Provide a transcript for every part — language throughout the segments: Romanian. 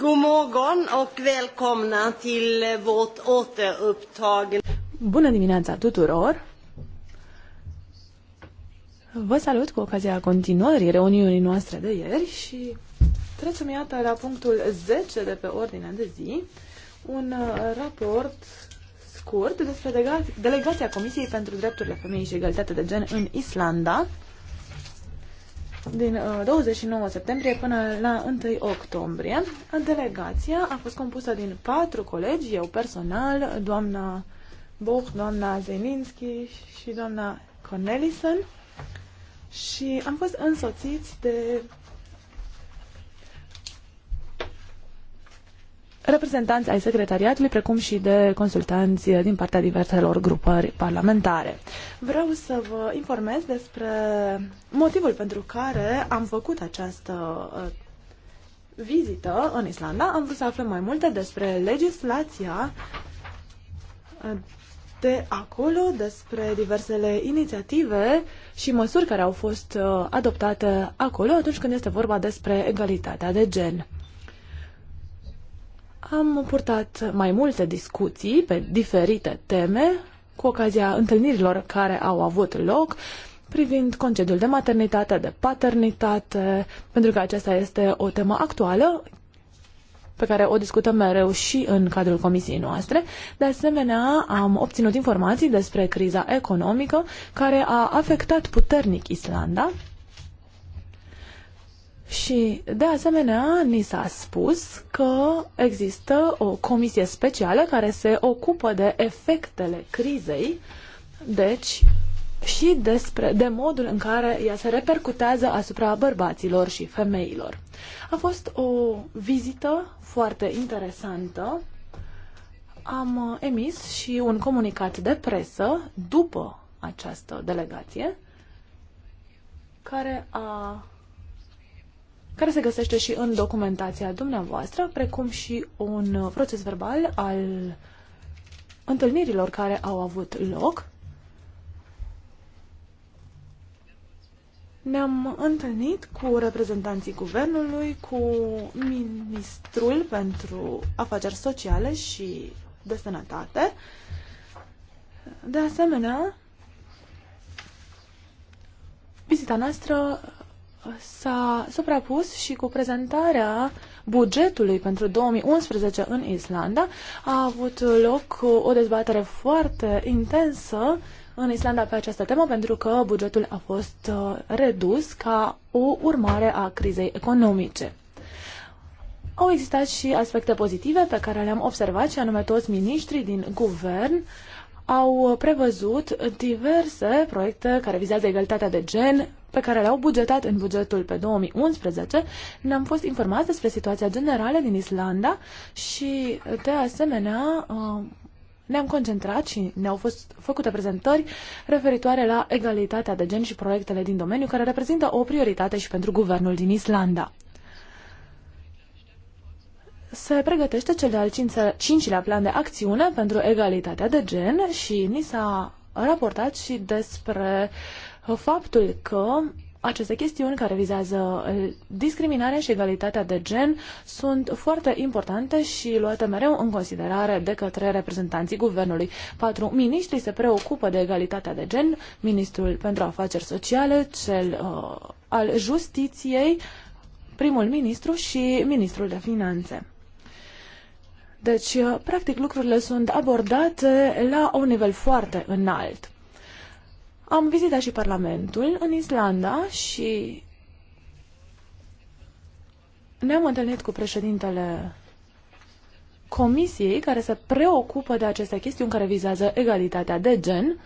God morgon och välkomna till vårt återupptagna... Bună dimineața tuturor! Vă salut cu ocazia continuării reuniunii noastre de ieri și trecem iată la punctul 10 de pe ordinea de zi, un uh, raport scurt despre delegația Comisiei pentru Drepturile Femeii și Egalitatea de Gen în Islanda, din 29 uh, septembrie până la 1 octombrie. Delegația a fost compusă din patru colegi, eu personal, doamna Boch, doamna Zeninski și doamna Cornelison și am fost însoțiți de reprezentanți ai secretariatului, precum și de consultanți din partea diverselor grupări parlamentare. Vreau să vă informez despre motivul pentru care am făcut această uh, vizită în Islanda. Am vrut să aflăm mai multe despre legislația uh, de acolo, despre diversele inițiative și măsuri care au fost uh, adoptate acolo atunci când este vorba despre egalitatea de gen. Am purtat mai multe discuții pe diferite teme cu ocazia întâlnirilor care au avut loc privind concediul de maternitate, de paternitate, pentru că aceasta este o temă actuală pe care o discutăm mereu și în cadrul comisiei noastre. De asemenea, am obținut informații despre criza economică care a afectat puternic Islanda și, de asemenea, ni s-a spus că există o comisie specială care se ocupă de efectele crizei, deci și despre, de modul în care ea se repercutează asupra bărbaților și femeilor. A fost o vizită foarte interesantă. Am emis și un comunicat de presă după această delegație care a care se găsește și în documentația dumneavoastră, precum și un proces verbal al întâlnirilor care au avut loc. Ne-am întâlnit cu reprezentanții guvernului, cu ministrul pentru afaceri sociale și de sănătate. De asemenea, vizita noastră s-a suprapus și cu prezentarea bugetului pentru 2011 în Islanda. A avut loc o dezbatere foarte intensă în Islanda pe această temă pentru că bugetul a fost uh, redus ca o urmare a crizei economice. Au existat și aspecte pozitive pe care le-am observat, și anume toți miniștrii din guvern uh, au prevăzut diverse proiecte care vizează egalitatea de gen pe care le-au bugetat în bugetul pe 2011. Ne-am fost informați despre situația generală din Islanda și, de asemenea, uh, ne-am concentrat și ne-au fost făcute prezentări referitoare la egalitatea de gen și proiectele din domeniu, care reprezintă o prioritate și pentru guvernul din Islanda se pregătește cel de-al cincilea plan de acțiune pentru egalitatea de gen și ni s-a raportat și despre faptul că aceste chestiuni care vizează eh, discriminarea și egalitatea de gen sunt foarte importante și luate mereu în considerare de către reprezentanții guvernului. Patru miniștri se preocupă de egalitatea de gen, ministrul pentru afaceri sociale, cel uh, al justiției, primul ministru și ministrul de finanțe. Deci, uh, practic, lucrurile sunt abordate la un nivel foarte înalt. Am vizitat și Parlamentul în Islanda și ne-am întâlnit cu președintele comisiei care se preocupă de aceste chestiuni care vizează egalitatea de gen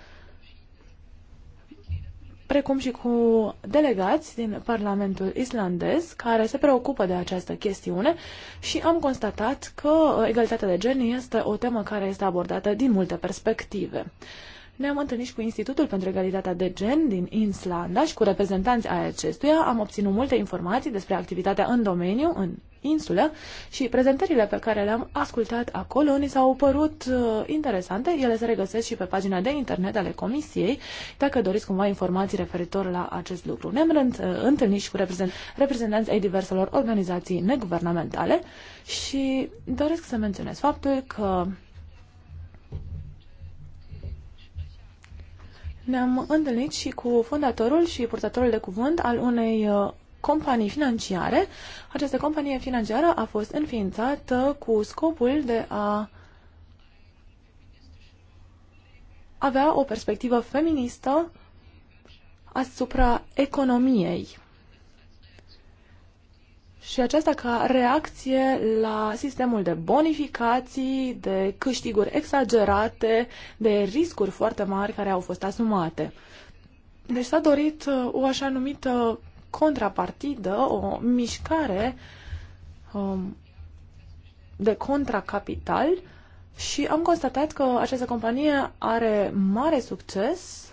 precum și cu delegați din Parlamentul islandez care se preocupă de această chestiune și am constatat că egalitatea de gen este o temă care este abordată din multe perspective. Ne-am întâlnit și cu Institutul pentru Egalitatea de Gen din Islanda și cu reprezentanți ai acestuia. Am obținut multe informații despre activitatea în domeniu, în insulă și prezentările pe care le-am ascultat acolo ni s-au părut uh, interesante. Ele se regăsesc și pe pagina de internet ale comisiei, dacă doriți cumva informații referitor la acest lucru. Ne-am uh, întâlnit și cu reprezentanți ai diverselor organizații neguvernamentale și doresc să menționez faptul că Ne-am întâlnit și cu fondatorul și purtătorul de cuvânt al unei uh, companii financiare. Această companie financiară a fost înființată cu scopul de a avea o perspectivă feministă asupra economiei. Și aceasta ca reacție la sistemul de bonificații, de câștiguri exagerate, de riscuri foarte mari care au fost asumate. Deci s-a dorit uh, o așa numită contrapartidă, o mișcare um, de contracapital și am constatat că această companie are mare succes.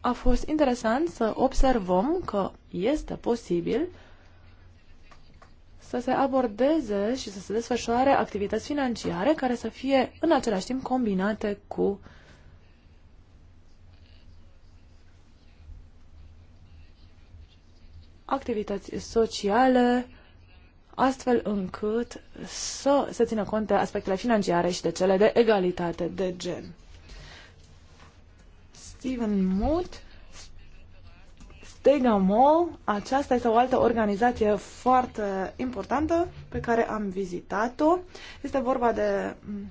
A fost interesant să observăm că este posibil să se abordeze și să se desfășoare activități financiare care să fie în același timp combinate cu activități sociale, astfel încât să se țină cont de aspectele financiare și de cele de egalitate de gen. Steven Mood Tegamol, aceasta este o altă organizație foarte importantă pe care am vizitat-o. Este vorba de mm,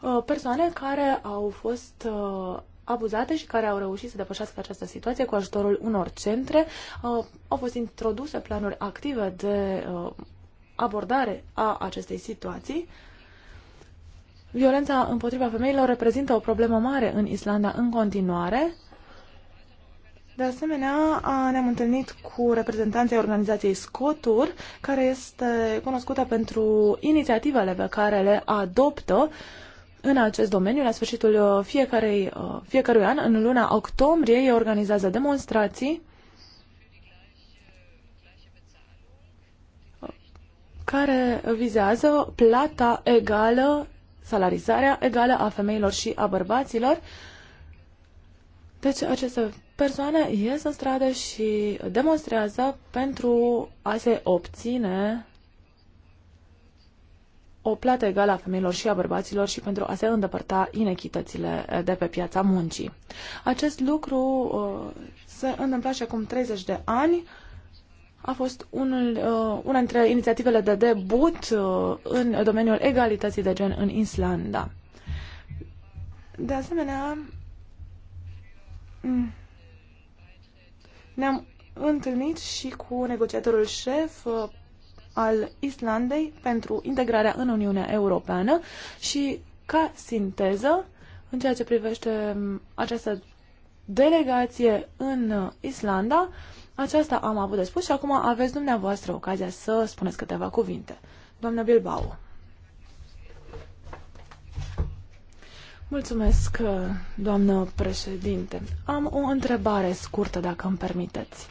uh, persoane care au fost uh, abuzate și care au reușit să depășească această situație cu ajutorul unor centre. Uh, au fost introduse planuri active de abordare a acestei situații Violența împotriva femeilor reprezintă o problemă mare în Islanda în continuare. De asemenea, ne-am întâlnit cu reprezentanții organizației Scotur, care este cunoscută pentru inițiativele pe care le adoptă în acest domeniu. La sfârșitul uh, fiecarei, uh, fiecărui an, în luna octombrie, ei organizează demonstrații uh, care vizează plata egală salarizarea egală a femeilor și a bărbaților. Deci aceste persoane ies în stradă și demonstrează pentru a se obține o plată egală a femeilor și a bărbaților și pentru a se îndepărta inechitățile de pe piața muncii. Acest lucru uh, se întâmplă și acum 30 de ani a fost unul, uh, una dintre inițiativele de debut uh, în domeniul egalității de gen în Islanda. De asemenea, mm, ne-am întâlnit și cu negociatorul șef uh, al Islandei pentru integrarea în Uniunea Europeană și ca sinteză, în ceea ce privește mm, această delegație în uh, Islanda, aceasta am avut de spus și acum aveți dumneavoastră ocazia să spuneți câteva cuvinte. Doamna Bilbao. Mulțumesc, doamnă președinte. Am o întrebare scurtă, dacă îmi permiteți.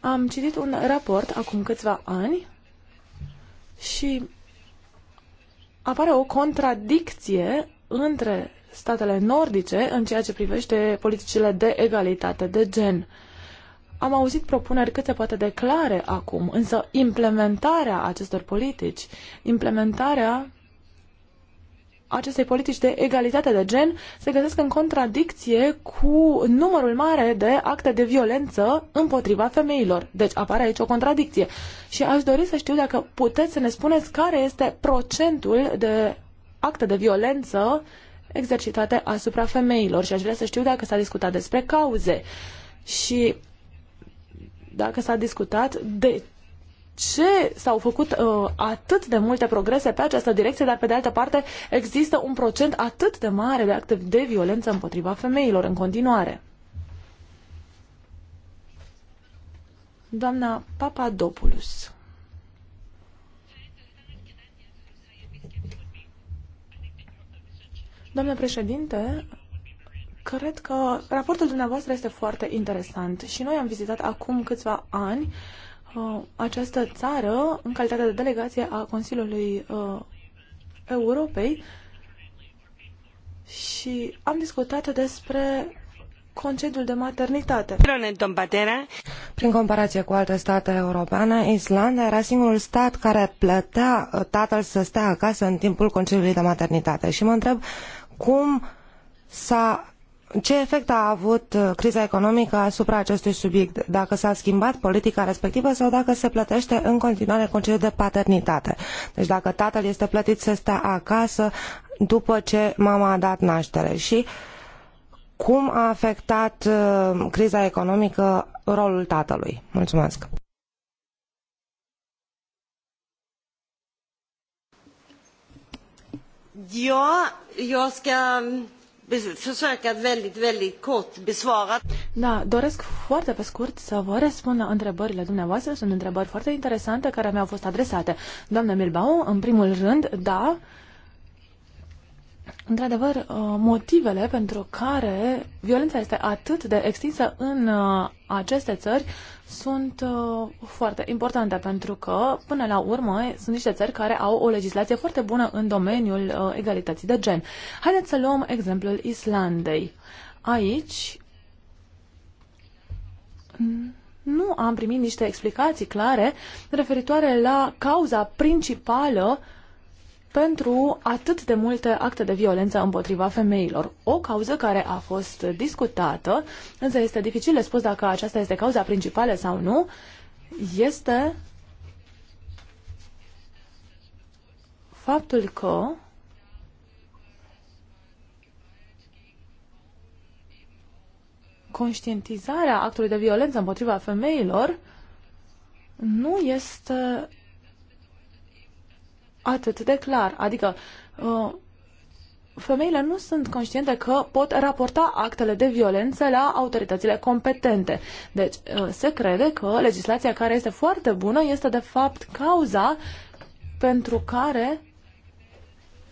Am citit un raport acum câțiva ani și apare o contradicție între statele nordice în ceea ce privește politicile de egalitate de gen. Uh, am auzit propuneri cât se poate clare acum, însă implementarea acestor politici, implementarea acestei politici de egalitate de gen se găsesc în contradicție cu numărul mare de acte de violență împotriva femeilor. Deci apare aici o contradicție. Și aș dori să știu dacă puteți să ne spuneți care este procentul de acte de violență exercitate asupra femeilor și aș vrea să știu dacă s-a discutat despre cauze. Și dacă s-a discutat de ce s-au făcut uh, atât de multe progrese pe această direcție, dar pe de altă parte există un procent atât de mare de acte de violență împotriva femeilor în continuare. Doamna Papadopoulos. Doamnă președinte, Cred că raportul dumneavoastră este foarte interesant și noi am vizitat acum câțiva ani uh, această țară în calitate de delegație a Consiliului uh, Europei și am discutat despre concediul de maternitate. Prin comparație cu alte state europene, Islanda era singurul stat care plătea uh, tatăl să stea acasă în timpul concediului de maternitate. Și mă întreb cum s-a ce efect a avut uh, criza economică asupra acestui subiect? Dacă s-a schimbat politica respectivă sau dacă se plătește în continuare concediu de paternitate? Deci dacă tatăl este plătit să stea acasă după ce mama a dat naștere și cum a afectat uh, criza economică rolul tatălui? Mulțumesc! Ja, jag ska mm, försöka väldigt, väldigt kort besvara. Da, doresc foarte pe scurt să vă răspund la întrebările dumneavoastră. Sunt întrebări foarte interesante care mi-au fost adresate. Doamna Milbao, în primul rând, da, uh, Într-adevăr, uh, motivele pentru care violența este atât de extinsă în uh, aceste țări sunt uh, foarte importante, pentru că, până la urmă, sunt niște țări care au o legislație foarte bună în domeniul egalității de gen. Haideți să luăm exemplul Islandei. Aici nu am primit niște explicații clare referitoare la cauza principală uh, pentru atât de multe acte de violență împotriva femeilor. O cauză care a fost discutată, însă este dificil de spus dacă aceasta este cauza principală sau nu, este faptul că conștientizarea actului de violență împotriva femeilor nu este atât de clar. Adică uh, femeile nu sunt conștiente că pot raporta actele de violență la autoritățile competente. Deci uh, se crede că legislația care este foarte bună este de fapt cauza pentru care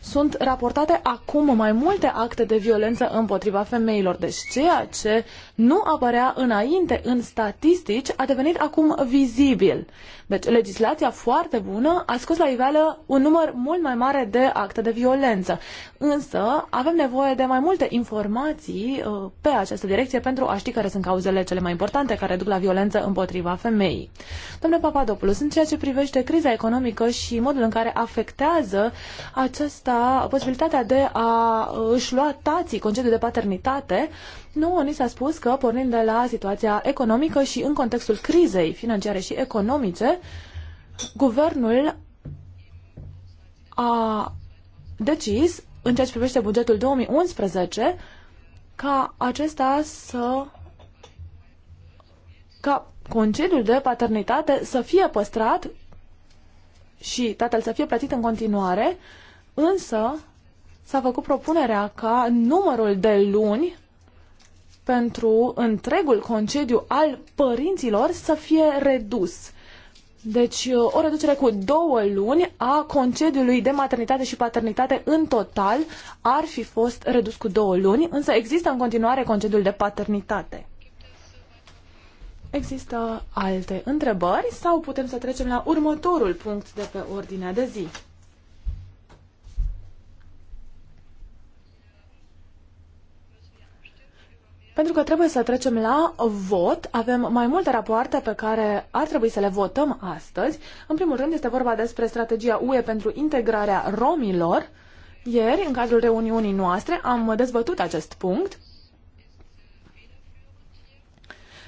sunt raportate acum mai multe acte de violență împotriva femeilor. Deci ceea ce nu apărea înainte în statistici a devenit acum vizibil. Deci, legislația foarte bună a scos la iveală un număr mult mai mare de acte de violență. Însă, avem nevoie de mai multe informații uh, pe această direcție pentru a ști care sunt cauzele cele mai importante care duc la violență împotriva femeii. Domnule Papadopoulos, în ceea ce privește criza economică și modul în care afectează aceasta posibilitatea de a uh, își lua tații concediu de paternitate, nu ni s-a spus că, pornind de la situația economică și în contextul crizei financiare și economice, guvernul a decis, în ceea ce privește bugetul 2011, ca acesta să ca concediul de paternitate să fie păstrat și tatăl să fie plătit în continuare, însă s-a făcut propunerea ca numărul de luni pentru întregul concediu al părinților să fie redus. Deci uh, o reducere cu două luni a concediului de maternitate și paternitate în total ar fi fost redus cu două luni, însă există în continuare concediul de paternitate. Există alte întrebări sau putem să trecem la următorul punct de pe ordinea de zi? pentru că trebuie să trecem la vot. Avem mai multe rapoarte pe care ar trebui să le votăm astăzi. În primul rând este vorba despre strategia UE pentru integrarea romilor. Ieri, în cadrul reuniunii noastre, am dezbătut acest punct.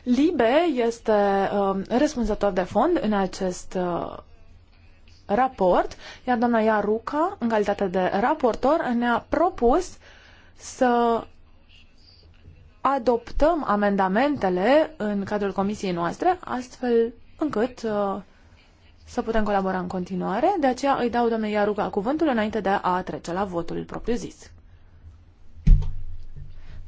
Libe este uh, răspunzător de fond în acest uh, raport, iar doamna Iaruca, în calitate de raportor, ne-a propus să adoptăm amendamentele în cadrul comisiei noastre, astfel încât uh, să putem colabora în continuare. De aceea îi dau doamnei Iaruga cuvântul înainte de a trece la votul propriu-zis.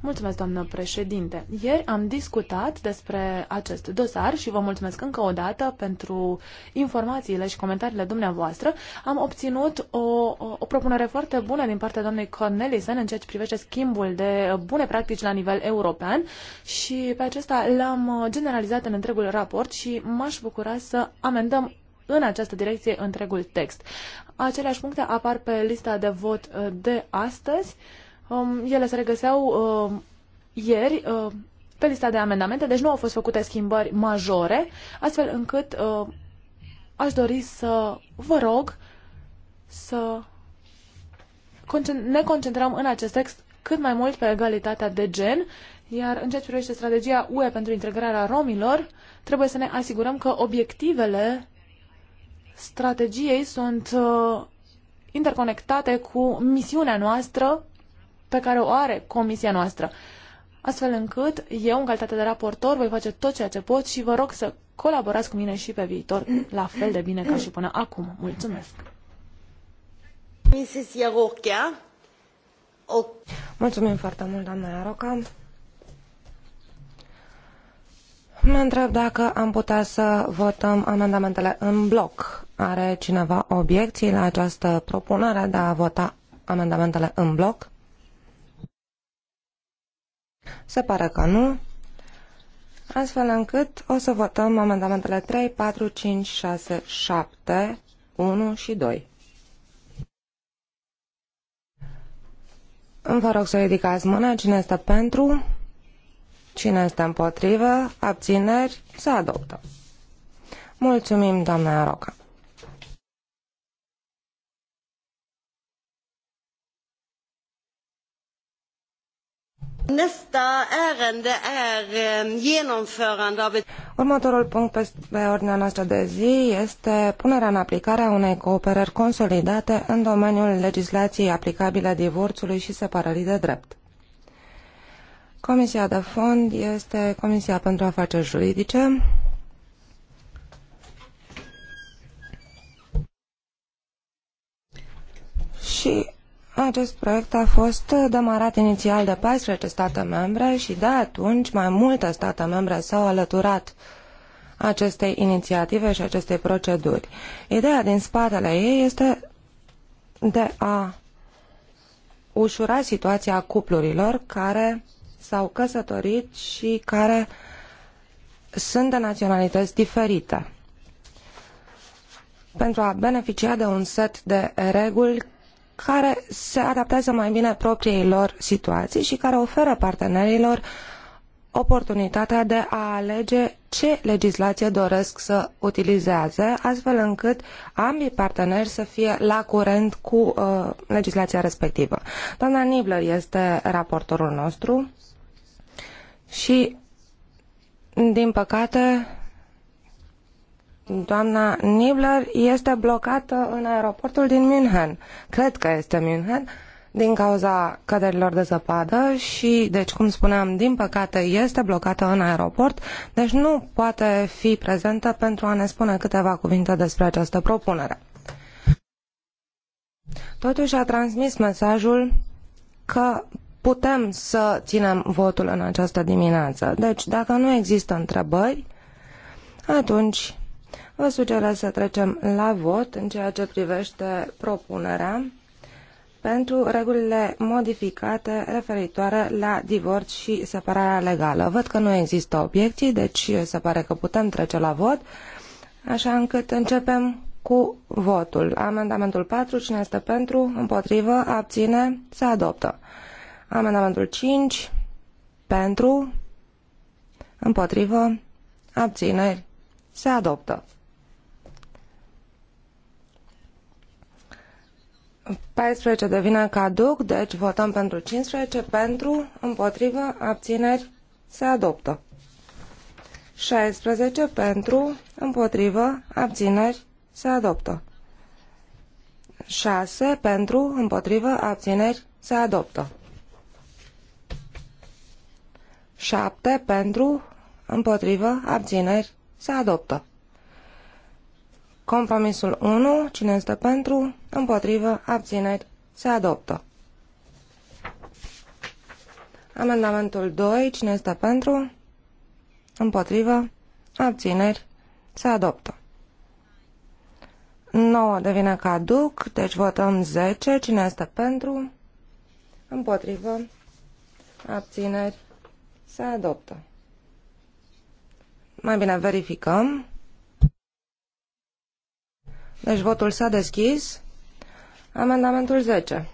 Mulțumesc, doamnă președinte. Ieri am discutat despre acest dosar și vă mulțumesc încă o dată pentru informațiile și comentariile dumneavoastră. Am obținut o, o, o propunere foarte bună din partea doamnei Cornelisen în ceea ce privește schimbul de bune practici la nivel european și pe acesta l-am generalizat în întregul raport și m-aș bucura să amendăm în această direcție întregul text. Aceleași puncte apar pe lista de vot de astăzi. Um, ele se regăseau um, ieri uh, pe lista de amendamente, deci nu au fost făcute schimbări majore, astfel încât uh, aș dori să vă rog să ne concentrăm în acest text cât mai mult pe egalitatea de gen, iar în ceea ce privește strategia UE pentru integrarea romilor, trebuie să ne asigurăm că obiectivele strategiei sunt uh, interconectate cu misiunea noastră pe care o are comisia noastră. Astfel încât eu, în calitate de raportor, voi face tot ceea ce pot și vă rog să colaborați cu mine și pe viitor la fel de bine ca și până acum. Mulțumesc! Mulțumim foarte mult, doamna Iaroca. Mă întreb dacă am putea să votăm amendamentele în bloc. Are cineva obiecții la această propunere de a vota amendamentele în bloc? Se pare că nu. Astfel încât o să votăm amendamentele 3, 4, 5, 6, 7, 1 și 2. Îmi vă rog să ridicați mâna cine este pentru, cine este împotrivă, abțineri, să adoptă. Mulțumim, doamna Roca. Eh, Următorul punct pe ordinea noastră de zi este punerea în aplicare a unei cooperări consolidate în domeniul legislației aplicabile divorțului și separării de drept. Comisia de fond este Comisia pentru Afaceri Juridice. Și acest proiect a fost demarat inițial de 14 state membre și de atunci mai multe state membre s-au alăturat acestei inițiative și acestei proceduri. Ideea din spatele ei este de a ușura situația cuplurilor care s-au căsătorit și care sunt de naționalități diferite pentru a beneficia de un set de reguli care se adaptează mai bine propriilor situații și care oferă partenerilor oportunitatea de a alege ce legislație doresc să utilizeze, astfel încât ambii parteneri să fie la curent cu uh, legislația respectivă. Doamna Nibler este raportorul nostru și, din păcate, Doamna Nibler este blocată în aeroportul din München. Cred că este München din cauza căderilor de zăpadă și, deci, cum spuneam, din păcate este blocată în aeroport, deci nu poate fi prezentă pentru a ne spune câteva cuvinte despre această propunere. Totuși a transmis mesajul că putem să ținem votul în această dimineață. Deci, dacă nu există întrebări, atunci Vă sugerez să trecem la vot în ceea ce privește propunerea pentru regulile modificate referitoare la divorț și separarea legală. Văd că nu există obiecții, deci se pare că putem trece la vot, așa încât începem cu votul. Amendamentul 4, cine este pentru, împotrivă, abține, se adoptă. Amendamentul 5, pentru, împotrivă, abține se adoptă. 14 devine caduc, deci votăm pentru 15, pentru, împotrivă, abțineri, se adoptă. 16 pentru, împotrivă, abțineri, se adoptă. 6 pentru, împotrivă, abțineri, se adoptă. 7 pentru, împotrivă, abțineri, se adoptă. Compromisul 1, cine este pentru, împotrivă, abțineri, se adoptă. Amendamentul 2, cine este pentru, împotrivă, abțineri, se adoptă. 9 devine caduc, deci votăm 10, cine este pentru, împotrivă, abțineri, se adoptă. Mai bine verificăm. Deci votul s-a deschis. Amendamentul 10.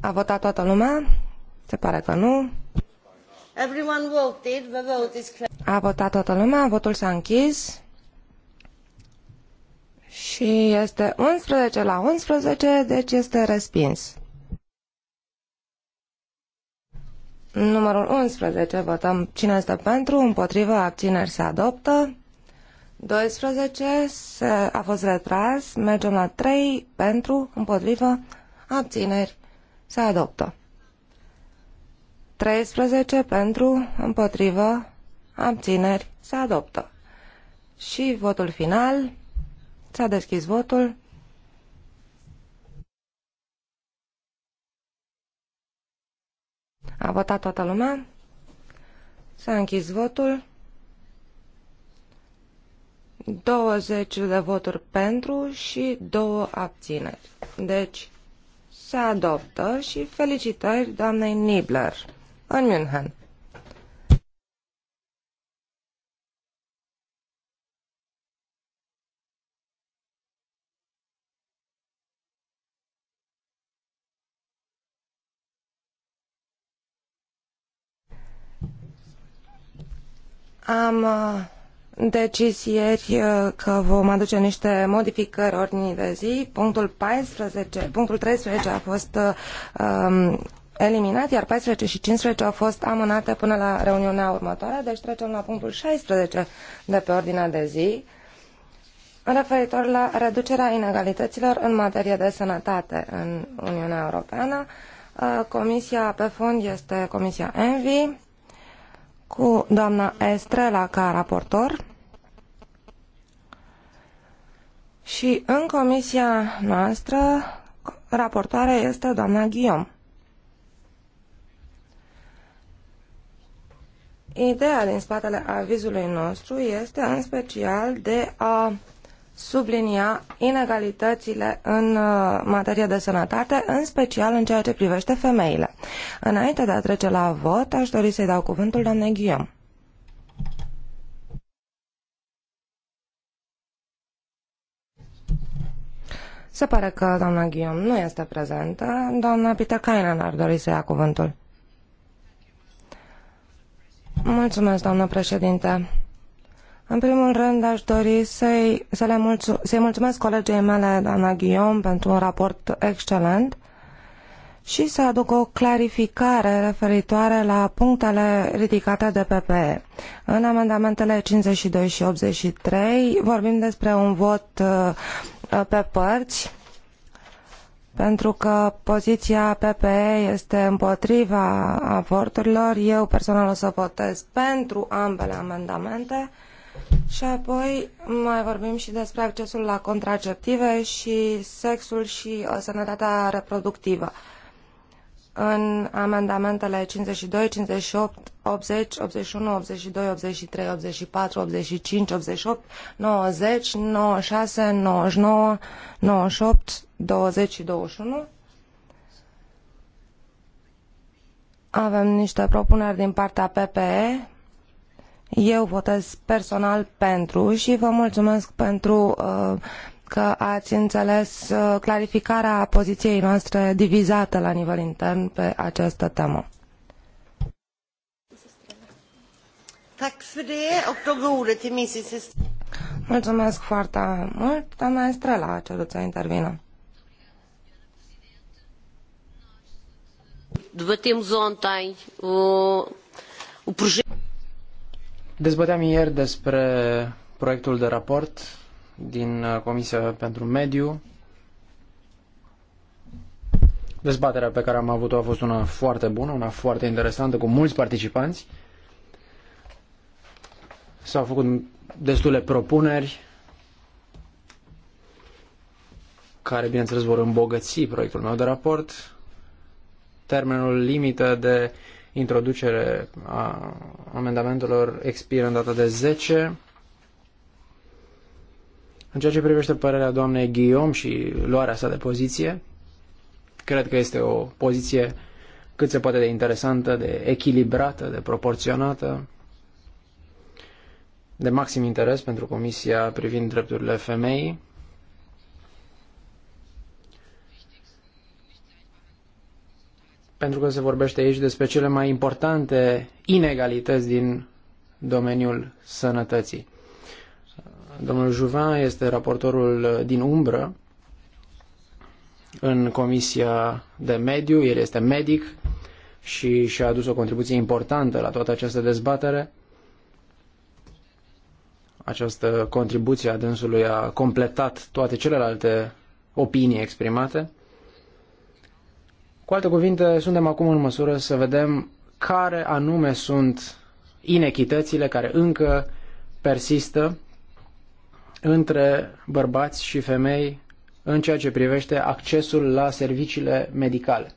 A votat toată lumea? Se pare că nu. A votat toată lumea, votul s-a închis. Și este 11 la 11, deci este respins. Numărul 11, votăm cine este pentru, împotrivă, abțineri se adoptă. 12 se, a fost retras, mergem la 3, pentru, împotrivă, abțineri se adoptă. 13 pentru, împotrivă, abțineri se adoptă. Și votul final, S-a deschis votul. A votat toată lumea. S-a închis votul. 20 de voturi pentru și 2 abțineri. Deci se adoptă și felicitări doamnei Nibler în München. Am uh, decis ieri uh, că vom aduce niște modificări ordinii de zi. Punctul 14, punctul 13 a fost uh, um, eliminat, iar 14 și 15 au fost amânate până la reuniunea următoare, deci trecem la punctul 16 de pe ordinea de zi, referitor la reducerea inegalităților în materie de sănătate în Uniunea Europeană. Comisia pe fond este Comisia ENVI, cu doamna Estrela ca raportor și în comisia noastră raportoare este doamna Guillaume. Ideea din spatele avizului nostru este în special de a sublinia inegalitățile în uh, materie de sănătate, în special în ceea ce privește femeile. Înainte de a trece la vot, aș dori să-i dau cuvântul doamnei Ghiom. Se pare că doamna Ghiom nu este prezentă. Doamna Pitekainen ar dori să ia cuvântul. Mulțumesc, doamnă președinte. În primul rând, aș dori să-i, să le mulțu- să mulțumesc colegei mele, Ana Ghiom, pentru un raport excelent și să aduc o clarificare referitoare la punctele ridicate de PPE. În amendamentele 52 și 83 vorbim despre un vot uh, pe părți, pentru că poziția PPE este împotriva avorturilor. Eu personal o să votez pentru ambele amendamente. Și apoi mai vorbim și despre accesul la contraceptive și sexul și uh, sănătatea reproductivă. În amendamentele 52, 58, 80, 81, 82, 83, 84, 85, 88, 90, 96, 99, 98, 20 și 21. Avem niște propuneri din partea PPE eu votez personal pentru și vă mulțumesc pentru uh, că ați înțeles uh, clarificarea poziției noastre divizată la nivel intern pe această temă. Mulțumesc foarte mult. Doamna Estrela a cerut să intervină. Debatemos ontem o, o projeto. Dezbăteam ieri despre proiectul de raport din uh, Comisia pentru Mediu. Dezbaterea pe care am avut-o a fost una foarte bună, una foarte interesantă, cu mulți participanți. S-au făcut destule propuneri care, bineînțeles, vor îmbogăți proiectul meu de raport. Termenul limită de introducere a amendamentelor expiră în data de 10. În ceea ce privește părerea doamnei Guillaume și luarea sa de poziție, cred că este o poziție cât se poate de interesantă, de echilibrată, de proporționată, de maxim interes pentru Comisia privind drepturile femeii. pentru că se vorbește aici despre cele mai importante inegalități din domeniul sănătății. Domnul Juvin este raportorul din umbră în Comisia de Mediu, el este medic și și-a adus o contribuție importantă la toată această dezbatere. Această contribuție a dânsului a completat toate celelalte opinii exprimate. Cu alte cuvinte, suntem acum în măsură să vedem care anume sunt inechitățile care încă persistă între bărbați și femei în ceea ce privește accesul la serviciile medicale.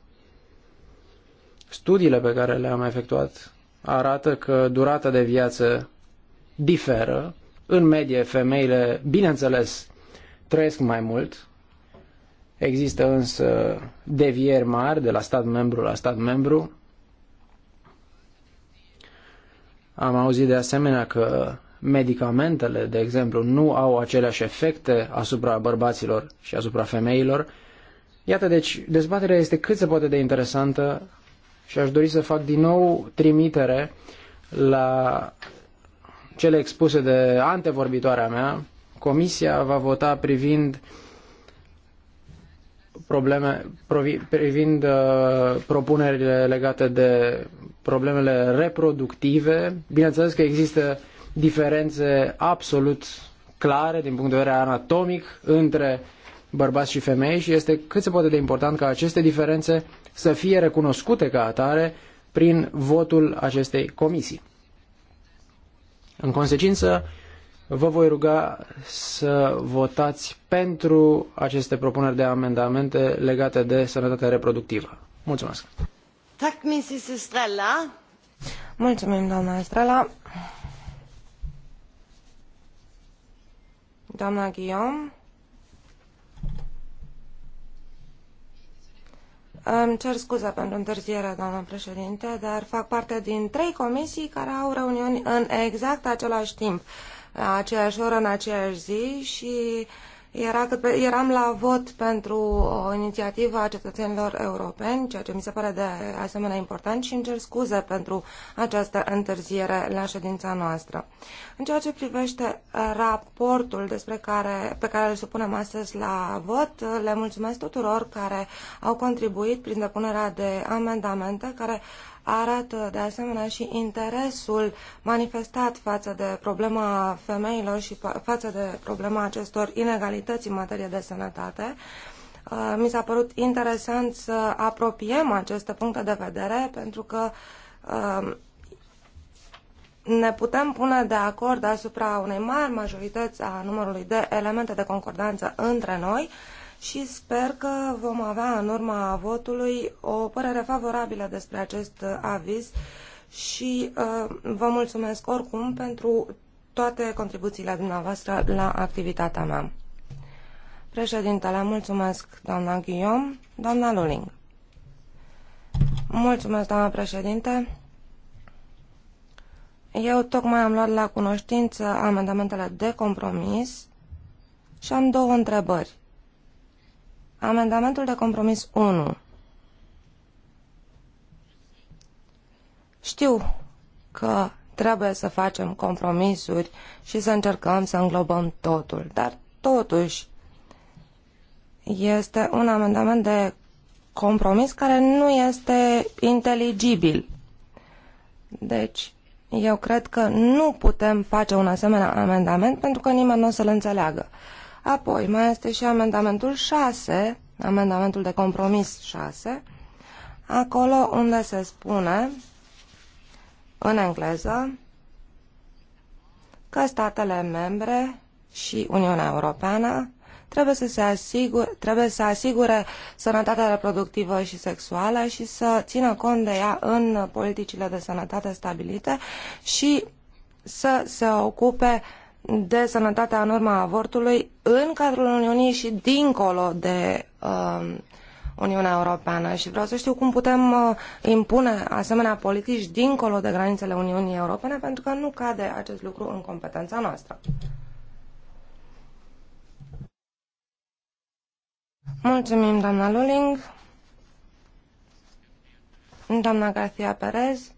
Studiile pe care le-am efectuat arată că durata de viață diferă. În medie, femeile, bineînțeles, trăiesc mai mult, Există însă devieri mari de la stat membru la stat membru. Am auzit de asemenea că medicamentele, de exemplu, nu au aceleași efecte asupra bărbaților și asupra femeilor. Iată, deci, dezbaterea este cât se poate de interesantă și aș dori să fac din nou trimitere la cele expuse de antevorbitoarea mea. Comisia va vota privind probleme privind uh, propunerile legate de problemele reproductive. Bineînțeles că există diferențe absolut clare din punct de vedere anatomic între bărbați și femei și este cât se poate de important ca aceste diferențe să fie recunoscute ca atare prin votul acestei comisii. În consecință, Vă voi ruga să votați pentru aceste propuneri de amendamente legate de sănătatea reproductivă. Mulțumesc! Mulțumim, doamna Estrela. Doamna Guillaume. Îmi cer scuze pentru întârziere, doamnă președinte, dar fac parte din trei comisii care au reuniuni în exact același timp la aceeași oră, în aceeași zi și era cât pe, eram la vot pentru o inițiativă a cetățenilor europeni, ceea ce mi se pare de asemenea important și îmi cer scuze pentru această întârziere la ședința noastră. În ceea ce privește raportul despre care, pe care îl supunem astăzi la vot, le mulțumesc tuturor care au contribuit prin depunerea de amendamente care arată de asemenea și interesul manifestat față de problema femeilor și față de problema acestor inegalități în materie de sănătate. Uh, mi s-a părut interesant să apropiem aceste puncte de vedere pentru că uh, ne putem pune de acord asupra unei mari majorități a numărului de elemente de concordanță între noi, și sper că vom avea în urma votului o părere favorabilă despre acest uh, aviz și uh, vă mulțumesc oricum pentru toate contribuțiile dumneavoastră la activitatea mea. Președintele, mulțumesc doamna Guillaume, doamna Luling. Mulțumesc, doamna președinte. Eu tocmai am luat la cunoștință amendamentele de compromis și am două întrebări. Amendamentul de compromis 1. Știu că trebuie să facem compromisuri și să încercăm să înglobăm totul, dar totuși este un amendament de compromis care nu este inteligibil. Deci, eu cred că nu putem face un asemenea amendament pentru că nimeni nu o să-l înțeleagă. Uh, Apoi mai este și amendamentul 6, amendamentul de compromis 6, acolo unde se spune în engleză că statele membre și Uniunea Europeană trebuie să, se asigure, trebuie să asigure sănătatea reproductivă și sexuală și să țină cont de ea în politicile de sănătate stabilite și să se ocupe de sănătatea în urma avortului în cadrul Uniunii și dincolo de uh, Uniunea Europeană și vreau să știu cum putem uh, impune asemenea politici dincolo de granițele Uniunii Europene pentru că nu cade acest lucru în competența noastră. Mulțumim, doamna Luling. Doamna Garcia Perez.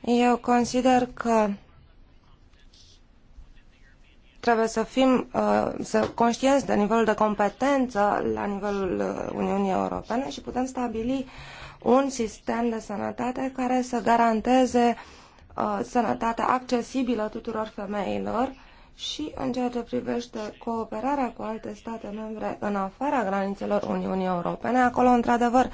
Eu consider că trebuie să fim uh, să conștienți de nivelul de competență la nivelul uh, Uniunii Europene și putem stabili un sistem de sănătate care să garanteze uh, sănătatea accesibilă tuturor femeilor și în ceea ce privește cooperarea cu alte state membre în afara granițelor Uniunii Europene, acolo, într-adevăr,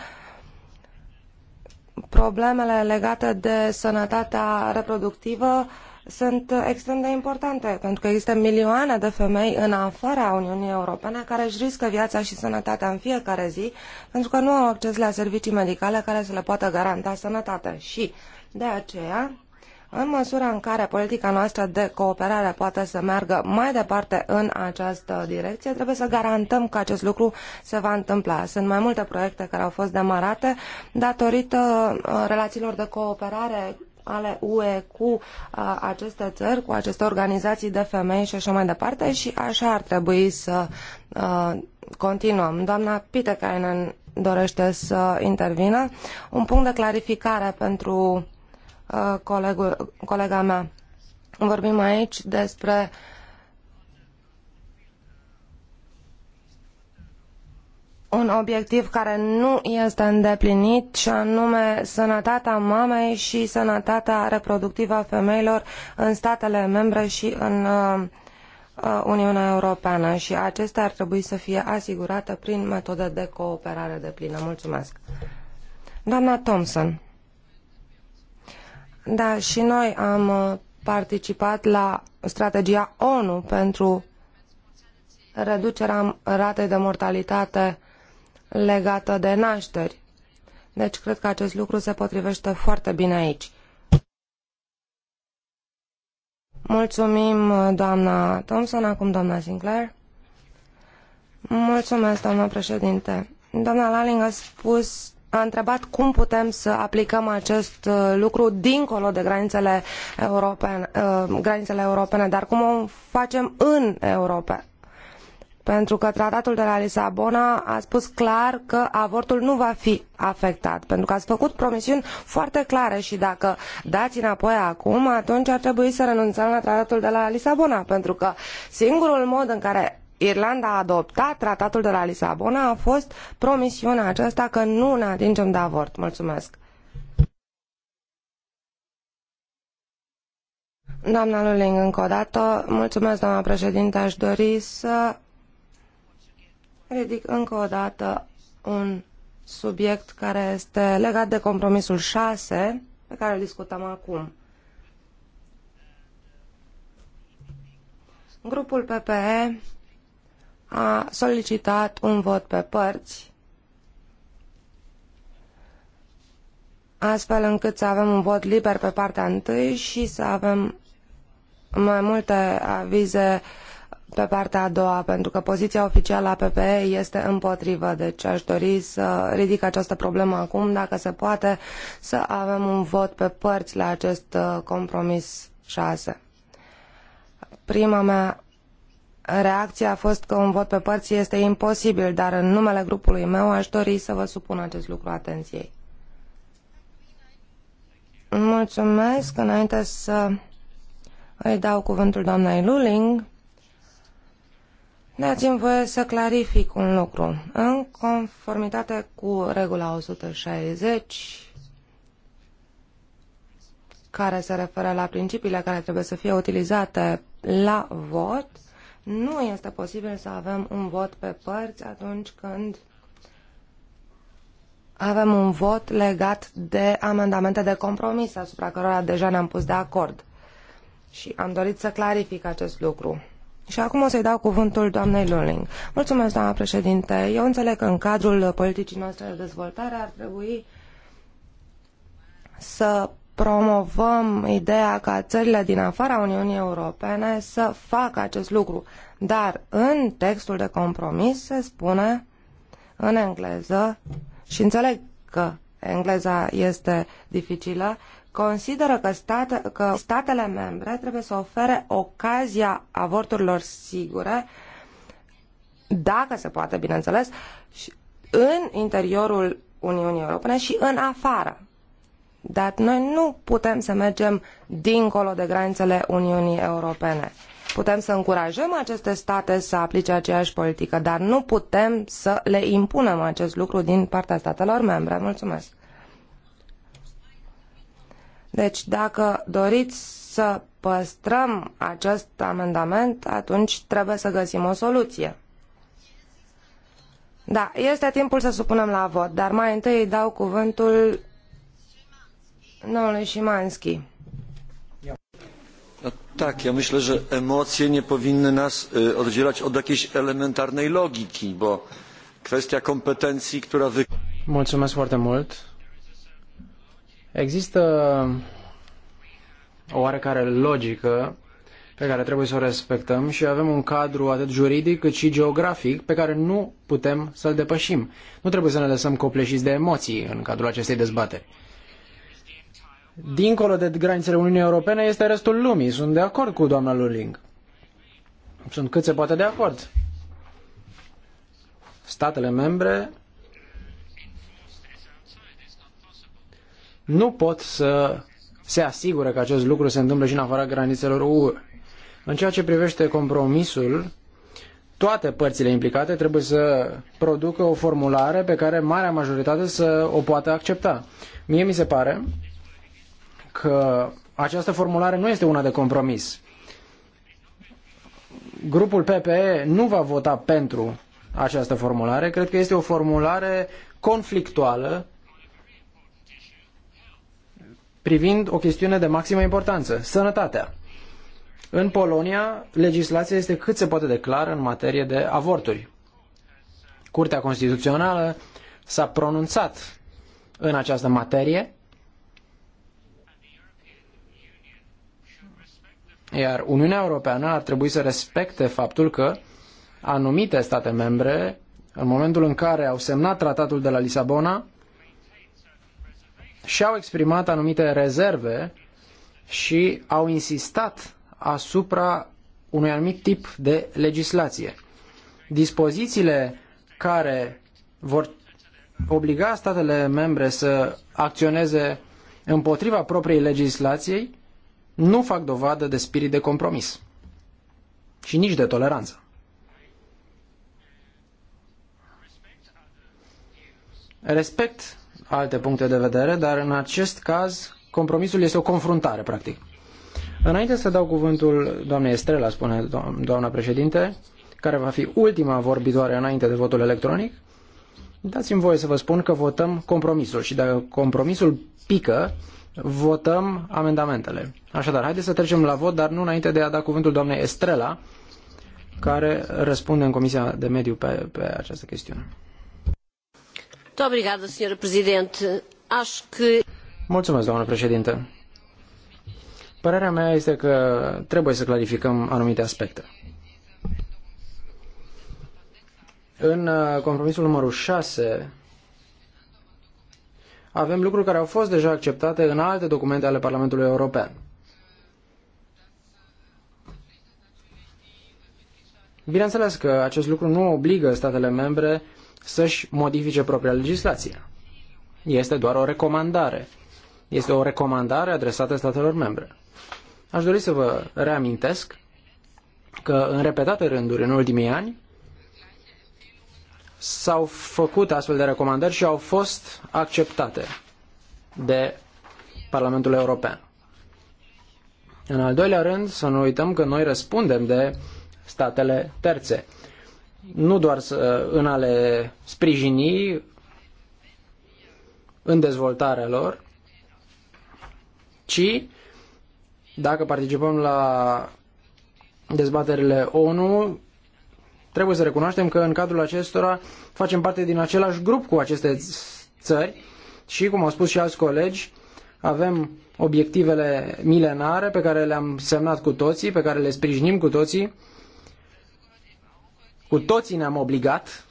problemele legate de sănătatea reproductivă sunt extrem de importante, pentru că există milioane de femei în afara Uniunii Europene care își riscă viața și sănătatea în fiecare zi, pentru că nu au acces la servicii medicale care să le poată garanta sănătatea. Și de aceea în măsura în care politica noastră de cooperare poate să meargă mai departe în această direcție, trebuie să garantăm că acest lucru se va întâmpla. Sunt mai multe proiecte care au fost demarate datorită uh, relațiilor de cooperare ale UE cu a, uh, aceste țări, cu aceste organizații de femei și așa mai departe și așa ar trebui să a, uh, continuăm. Doamna Pitecainen dorește să intervină. Un punct de clarificare pentru Uh, colegul, colega mea. Vorbim aici despre un obiectiv care nu este îndeplinit și anume sănătatea mamei și sănătatea reproductivă a femeilor în statele membre și în uh, uh, Uniunea Europeană și acestea ar trebui să fie asigurate prin metode de cooperare deplină. Mulțumesc. Doamna Thompson. Da, și noi am uh, participat la strategia ONU pentru reducerea ratei de mortalitate legată de nașteri. Deci cred că acest lucru se potrivește foarte bine aici. Mulțumim, uh, doamna Thompson, acum doamna Sinclair. Mulțumesc, doamna președinte. Doamna Laling a spus a întrebat cum putem să aplicăm acest uh, lucru dincolo de granițele europene, uh, granițele europene dar cum o facem în Europa. Pentru că tratatul de la Lisabona a spus clar că avortul nu va fi afectat, pentru că ați făcut promisiuni foarte clare și dacă dați înapoi acum, atunci ar trebui să renunțăm la tratatul de la Lisabona, pentru că singurul mod în care Irlanda a adoptat tratatul de la Lisabona a fost promisiunea aceasta că nu ne atingem de avort. Mulțumesc. Doamna Luling, încă o dată, mulțumesc, doamna președinte, aș dori să ridic încă o dată un subiect care este legat de compromisul 6 pe care îl discutăm acum. Grupul PPE a solicitat un vot pe părți, astfel încât să avem un vot liber pe partea întâi și să avem mai multe avize pe partea a doua, pentru că poziția oficială a PPE este împotrivă, deci aș dori să ridic această problemă acum, dacă se poate, să avem un vot pe părți la acest uh, compromis 6. Prima mea reacția a fost că un vot pe părți este imposibil, dar în numele grupului meu aș dori să vă supun acest lucru atenției. Mulțumesc. Înainte să îi dau cuvântul doamnei Luling, dați-mi voie să clarific un lucru. În conformitate cu regula 160, care se referă la principiile care trebuie să fie utilizate la vot, nu este posibil să avem un vot pe părți atunci când avem un vot legat de amendamente de compromis asupra cărora deja ne-am pus de acord. Și am dorit să clarific acest lucru. Și acum o să-i dau cuvântul doamnei Luling. Mulțumesc, doamna președinte. Eu înțeleg că în cadrul politicii noastre de dezvoltare ar trebui să promovăm ideea ca țările din afara Uniunii Europene să facă acest lucru. Dar în textul de compromis se spune în engleză și înțeleg că engleza este dificilă, consideră că, state, că statele membre trebuie să ofere ocazia avorturilor sigure, dacă se poate, bineînțeles, în interiorul Uniunii Europene și în afară. Dar noi nu putem să mergem dincolo de granițele Uniunii Europene. Putem să încurajăm aceste state să aplice aceeași politică, dar nu putem să le impunem acest lucru din partea statelor membre. Mulțumesc! Deci, dacă doriți să păstrăm acest amendament, atunci trebuie să găsim o soluție. Da, este timpul să supunem la vot, dar mai întâi îi dau cuvântul domnului Szymanski. tak, ja myślę, że emocje nie powinny nas oddzielać od jakiejś elementarnej logiki, bo kwestia kompetencji, która wy... Mulțumesc foarte mult. Există o oarecare logică pe care trebuie să o respectăm și avem un cadru atât juridic cât și geografic pe care nu putem să-l depășim. Nu trebuie să ne lăsăm copleșiți de emoții în cadrul acestei dezbateri dincolo de granițele Uniunii Europene este restul lumii. Sunt de acord cu doamna Luling. Sunt cât se poate de acord. Statele membre nu pot să se asigure că acest lucru se întâmplă și în afara granițelor UE. În ceea ce privește compromisul, toate părțile implicate trebuie să producă o formulare pe care marea majoritate să o poată accepta. Mie mi se pare că această formulare nu este una de compromis. Grupul PPE nu va vota pentru această formulare. Cred că este o formulare conflictuală privind o chestiune de maximă importanță, sănătatea. În Polonia, legislația este cât se poate de clară în materie de avorturi. Curtea Constituțională s-a pronunțat în această materie Iar Uniunea Europeană ar trebui să respecte faptul că anumite state membre, în momentul în care au semnat tratatul de la Lisabona, și-au exprimat anumite rezerve și au insistat asupra unui anumit tip de legislație. Dispozițiile care vor obliga statele membre să acționeze împotriva propriei legislației nu fac dovadă de spirit de compromis și nici de toleranță. Respect alte puncte de vedere, dar în acest caz compromisul este o confruntare, practic. Înainte să dau cuvântul doamnei Estrela, spune doamna președinte, care va fi ultima vorbitoare înainte de votul electronic, dați-mi voie să vă spun că votăm compromisul și dacă compromisul pică, votăm amendamentele. Așadar, haideți să trecem la vot, dar nu înainte de a da cuvântul doamnei Estrela, care răspunde în Comisia de Mediu pe, pe această chestiune. Mulțumesc, doamnă președinte. Părerea mea este că trebuie să clarificăm anumite aspecte. În uh, compromisul numărul 6 avem lucruri care au fost deja acceptate în alte documente ale Parlamentului European. Bineînțeles că acest lucru nu obligă statele membre să-și modifice propria legislație. Este doar o recomandare. Este o recomandare adresată statelor membre. Aș dori să vă reamintesc că în repetate rânduri în ultimii ani s-au făcut astfel de recomandări și au fost acceptate de Parlamentul European. În al doilea rând, să nu uităm că noi răspundem de statele terțe. Nu doar în a le sprijini în dezvoltarea lor, ci dacă participăm la dezbaterile ONU, trebuie să recunoaștem că în cadrul acestora facem parte din același grup cu aceste țări și, cum au spus și alți colegi, avem obiectivele milenare pe care le-am semnat cu toții, pe care le sprijinim cu toții. Cu toții ne-am obligat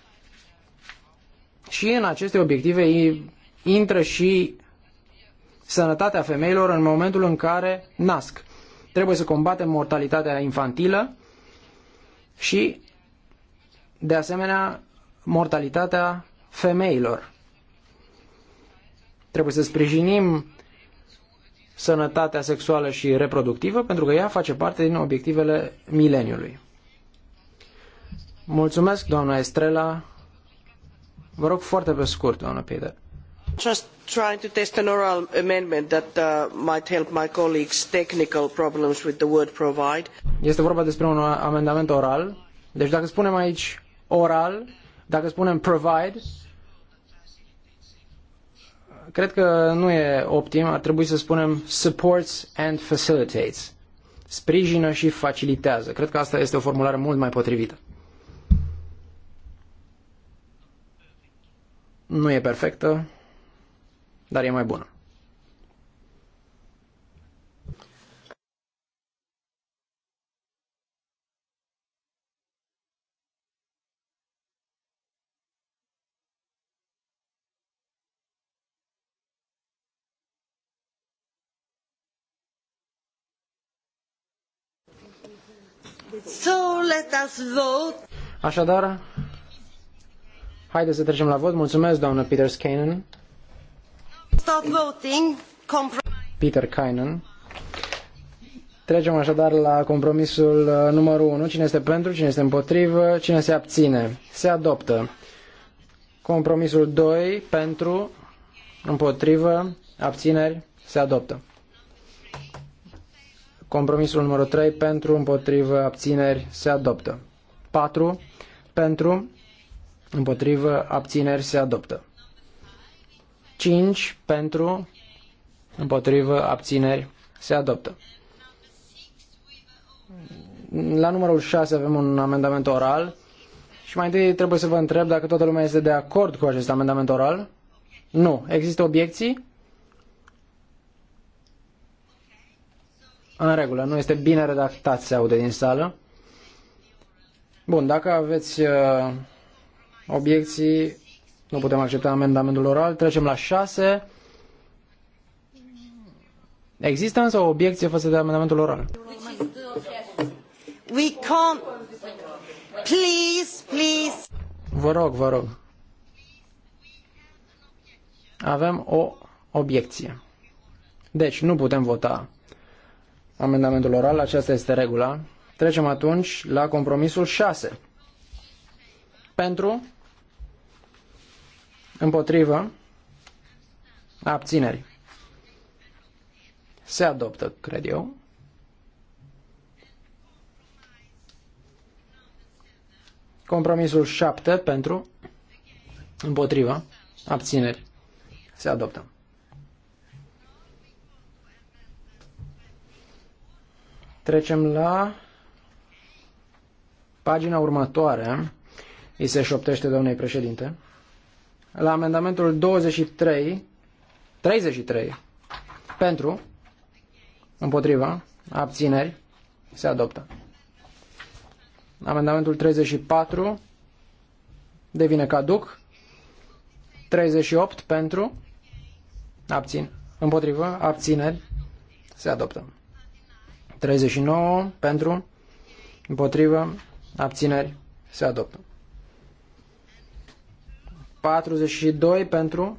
și în aceste obiective intră și sănătatea femeilor în momentul în care nasc. Trebuie să combatem mortalitatea infantilă și de asemenea, mortalitatea femeilor. Trebuie să sprijinim sănătatea sexuală și reproductivă, pentru că ea face parte din obiectivele mileniului. Mulțumesc, doamna Estrela. Vă rog foarte pe scurt, doamna Peter. Just trying to test an oral amendment that uh, might help my colleagues technical problems with the word provide. Este vorba despre un amendament oral. Deci dacă spunem aici oral, dacă spunem provide, cred că nu e optim, ar trebui să spunem supports and facilitates. Sprijină și facilitează. Cred că asta este o formulare mult mai potrivită. Nu e perfectă, dar e mai bună. So let us vote. Așadar, haideți să trecem la vot. Mulțumesc, doamnă Peter Kainen. Stop voting. Peter Kainen. Trecem așadar la compromisul uh, numărul 1. Cine este pentru, cine este împotrivă, cine se abține. Se adoptă. Compromisul 2, pentru, împotrivă, abțineri, se adoptă. Compromisul numărul 3 pentru, împotrivă, abțineri se adoptă. 4 pentru, împotrivă, abțineri se adoptă. 5 pentru, împotrivă, abțineri se adoptă. La numărul 6 avem un amendament oral și mai întâi trebuie să vă întreb dacă toată lumea este de acord cu acest amendament oral. Nu. Există obiecții? În regulă, nu este bine redactat, se aude din sală. Bun, dacă aveți uh, obiecții, nu putem accepta amendamentul oral. Trecem la 6. Există însă o obiecție față de amendamentul oral. We can't... Please, please. Vă rog, vă rog. Avem o obiecție. Deci, nu putem vota amendamentul oral, aceasta este regula. Trecem atunci la compromisul 6. Pentru, împotrivă, abțineri. Se adoptă, cred eu. Compromisul 7 pentru, împotrivă, abțineri. Se adoptă. Trecem la pagina următoare. Îi se șoptește domnei președinte. La amendamentul 23, 33, pentru, împotriva, abțineri, se adoptă. Amendamentul 34 devine caduc. 38 pentru, abțin, împotriva, abțineri, se adoptă. 39 pentru, împotrivă, abțineri, se adoptă. 42 pentru,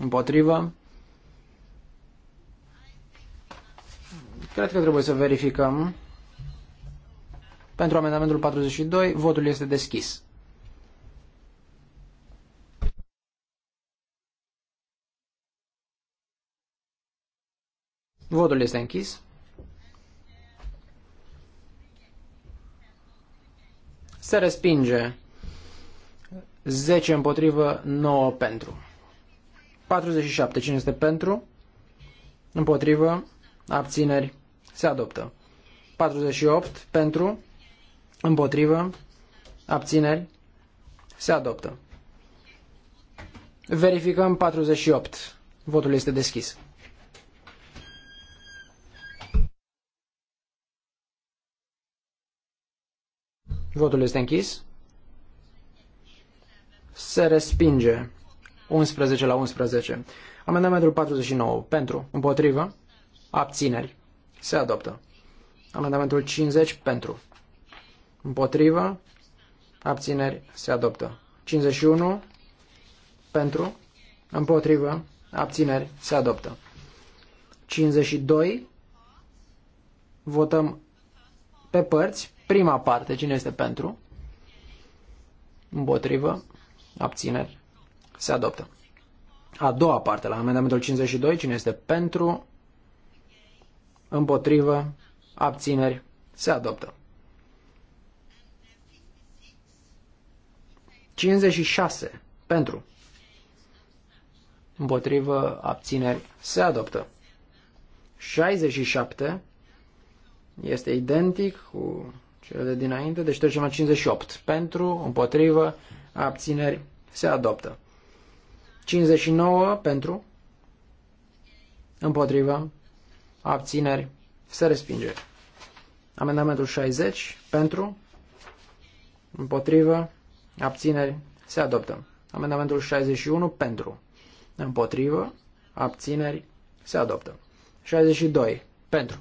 împotrivă. Cred că trebuie să verificăm. Pentru amendamentul 42, votul este deschis. Votul este închis. Se respinge 10 împotrivă, 9 pentru. 47. Cine este pentru? Împotrivă. Abțineri. Se adoptă. 48. Pentru. Împotrivă. Abțineri. Se adoptă. Verificăm 48. Votul este deschis. Votul este închis. Se respinge. 11 la 11. Amendamentul 49. Pentru. Împotrivă. Abțineri. Se adoptă. Amendamentul 50. Pentru. Împotrivă. Abțineri. Se adoptă. 51. Pentru. Împotrivă. Abțineri. Se adoptă. 52. Votăm pe părți. Prima parte, cine este pentru? Împotrivă. Abțineri. Se adoptă. A doua parte, la amendamentul 52, cine este pentru? Împotrivă. Abțineri. Se adoptă. 56. Pentru. Împotrivă. Abțineri. Se adoptă. 67 este identic cu cele de dinainte, deci trecem la 58. Pentru, împotrivă, abțineri, se adoptă. 59 pentru, împotrivă, abțineri, se respinge. Amendamentul 60 pentru, împotrivă, abțineri, se adoptă. Amendamentul 61 pentru, împotrivă, abțineri, se adoptă. 62 pentru,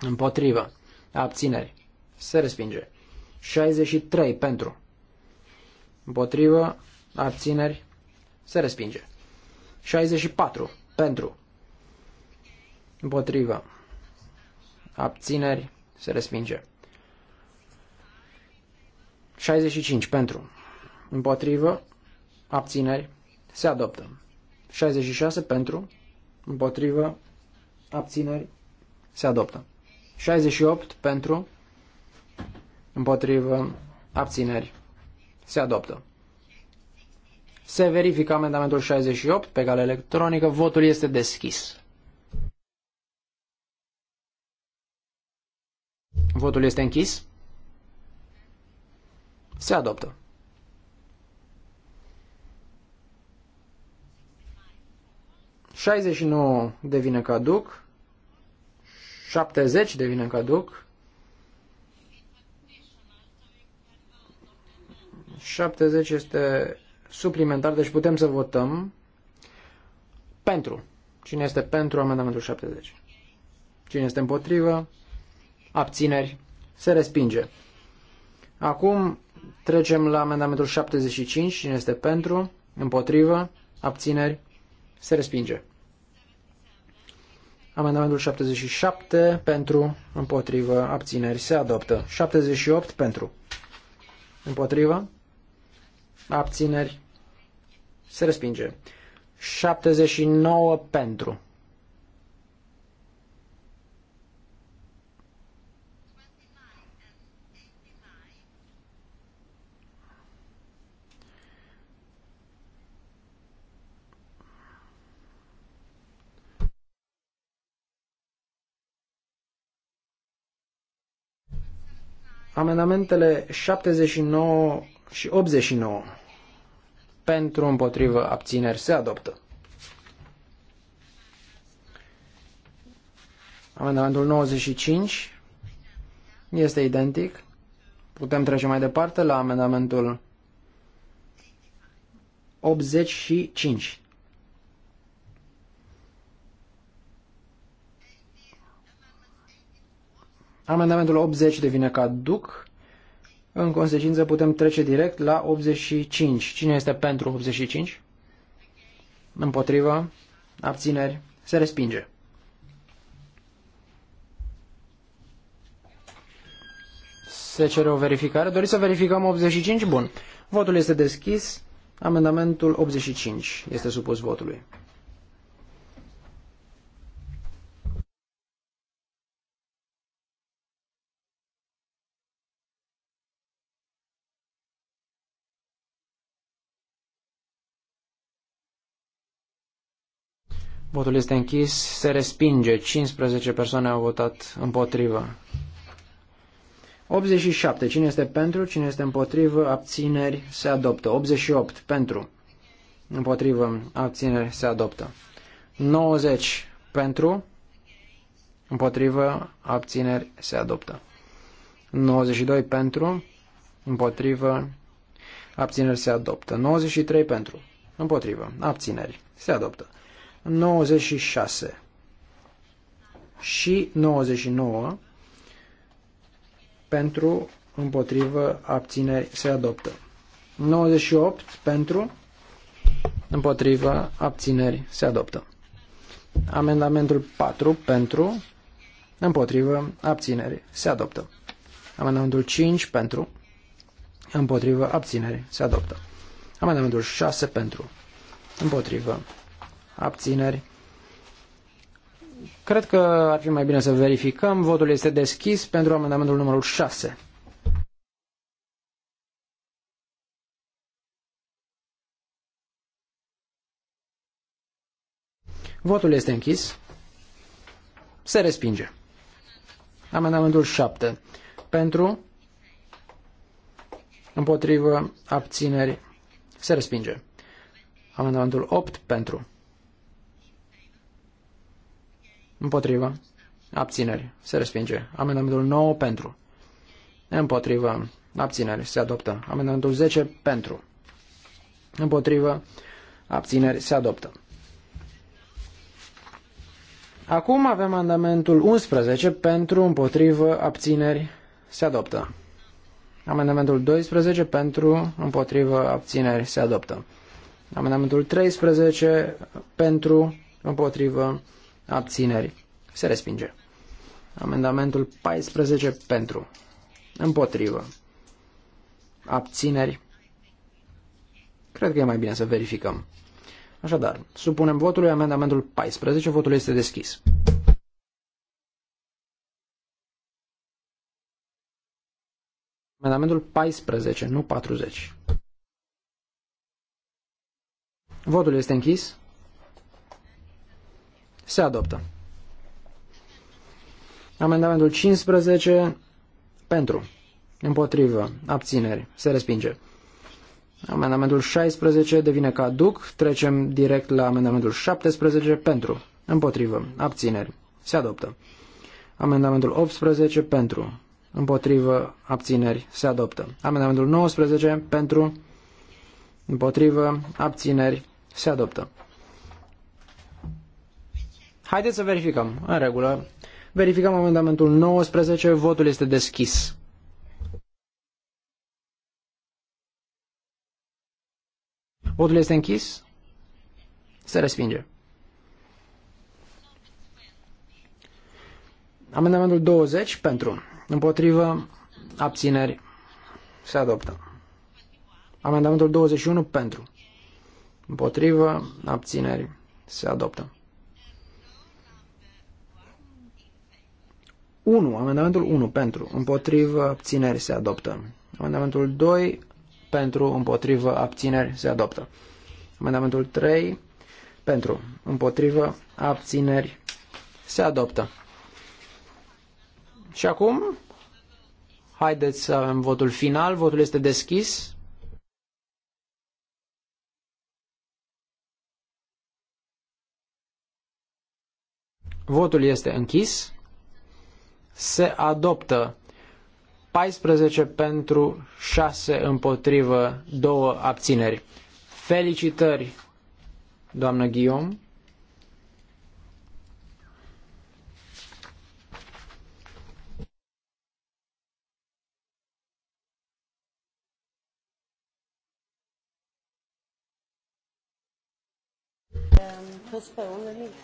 împotrivă, abțineri, se respinge. 63 pentru. Împotrivă. Abțineri. Se respinge. 64 pentru. Împotrivă. Abțineri. Se respinge. 65 pentru. Împotrivă. Abțineri. Se adoptă. 66 pentru. Împotrivă. Abțineri. Se adoptă. 68 pentru împotrivă, abțineri, se adoptă. Se verifică amendamentul 68 pe cale electronică, votul este deschis. Votul este închis. Se adoptă. Șaizeci devine caduc, 70 devine caduc, 70 este suplimentar, deci putem să votăm pentru. Cine este pentru amendamentul 70? Cine este împotrivă? Abțineri? Se respinge. Acum trecem la amendamentul 75. Cine este pentru? Împotrivă? Abțineri? Se respinge. Amendamentul 77 pentru, împotrivă, abțineri se adoptă. 78 pentru, împotrivă, abțineri, se respinge. 79 pentru. Amendamentele 79 și 89. Pentru, împotrivă, abțineri se adoptă. Amendamentul 95 este identic. Putem trece mai departe la amendamentul 85. Amendamentul 80 devine caduc. În consecință putem trece direct la 85. Cine este pentru 85? Împotrivă. Abțineri. Se respinge. Se cere o verificare. Doriți să verificăm 85? Bun. Votul este deschis. Amendamentul 85 este supus votului. Votul este închis. Se respinge. 15 persoane au votat împotrivă. 87. Cine este pentru? Cine este împotrivă? Abțineri se adoptă. 88. Pentru. Împotrivă. Abțineri se adoptă. 90. Pentru. Împotrivă. Abțineri se adoptă. 92. Pentru. Împotrivă. Abțineri se adoptă. 93. Pentru. Împotrivă. Abțineri se adoptă. 96 și 99 pentru, împotrivă, abțineri, se adoptă. 98 pentru, împotrivă, abțineri, se adoptă. Amendamentul 4 pentru, împotrivă, abțineri, se adoptă. Amendamentul 5 pentru, împotrivă, abțineri, se adoptă. Amendamentul 6 pentru, împotrivă, abțineri. Cred că ar fi mai bine să verificăm. Votul este deschis pentru amendamentul numărul 6. Votul este închis. Se respinge. Amendamentul 7. Pentru, împotrivă, abțineri, se respinge. Amendamentul 8 pentru. Împotrivă. Abțineri. Se respinge. Amendamentul 9 pentru. Împotrivă. Abțineri. Se adoptă. Amendamentul 10 pentru. Împotrivă. Abțineri. Se adoptă. Acum avem amendamentul 11 pentru, împotrivă, abțineri, se adoptă. Amendamentul 12 pentru, împotrivă, abțineri, se adoptă. Amendamentul 13 pentru, împotrivă, abțineri, se respinge. Amendamentul 14 pentru, împotrivă, abțineri, cred că e mai bine să verificăm. Așadar, supunem votului amendamentul 14, votul este deschis. Amendamentul 14, nu 40. Votul este închis. Se adoptă. Amendamentul 15 pentru, împotrivă, abțineri, se respinge. Amendamentul 16 devine caduc, trecem direct la amendamentul 17 pentru, împotrivă, abțineri, se adoptă. Amendamentul 18 pentru, împotrivă, abțineri, se adoptă. Amendamentul 19 pentru, împotrivă, abțineri, se adoptă. Haideți să verificăm. În regulă. Verificăm amendamentul 19. Votul este deschis. Votul este închis. Se respinge. Amendamentul 20 pentru. Împotrivă. Abțineri. Se adoptă. Amendamentul 21 pentru. Împotrivă. Abțineri. Se adoptă. 1, amendamentul 1 pentru, împotrivă, abțineri se adoptă. Amendamentul 2 pentru, împotrivă, abțineri se adoptă. Amendamentul 3 pentru, împotrivă, abțineri se adoptă. Și acum, haideți să avem votul final. Votul este deschis. Votul este închis se adoptă 14 pentru 6 împotrivă 2 abțineri. Felicitări, doamnă Guillaume. postpone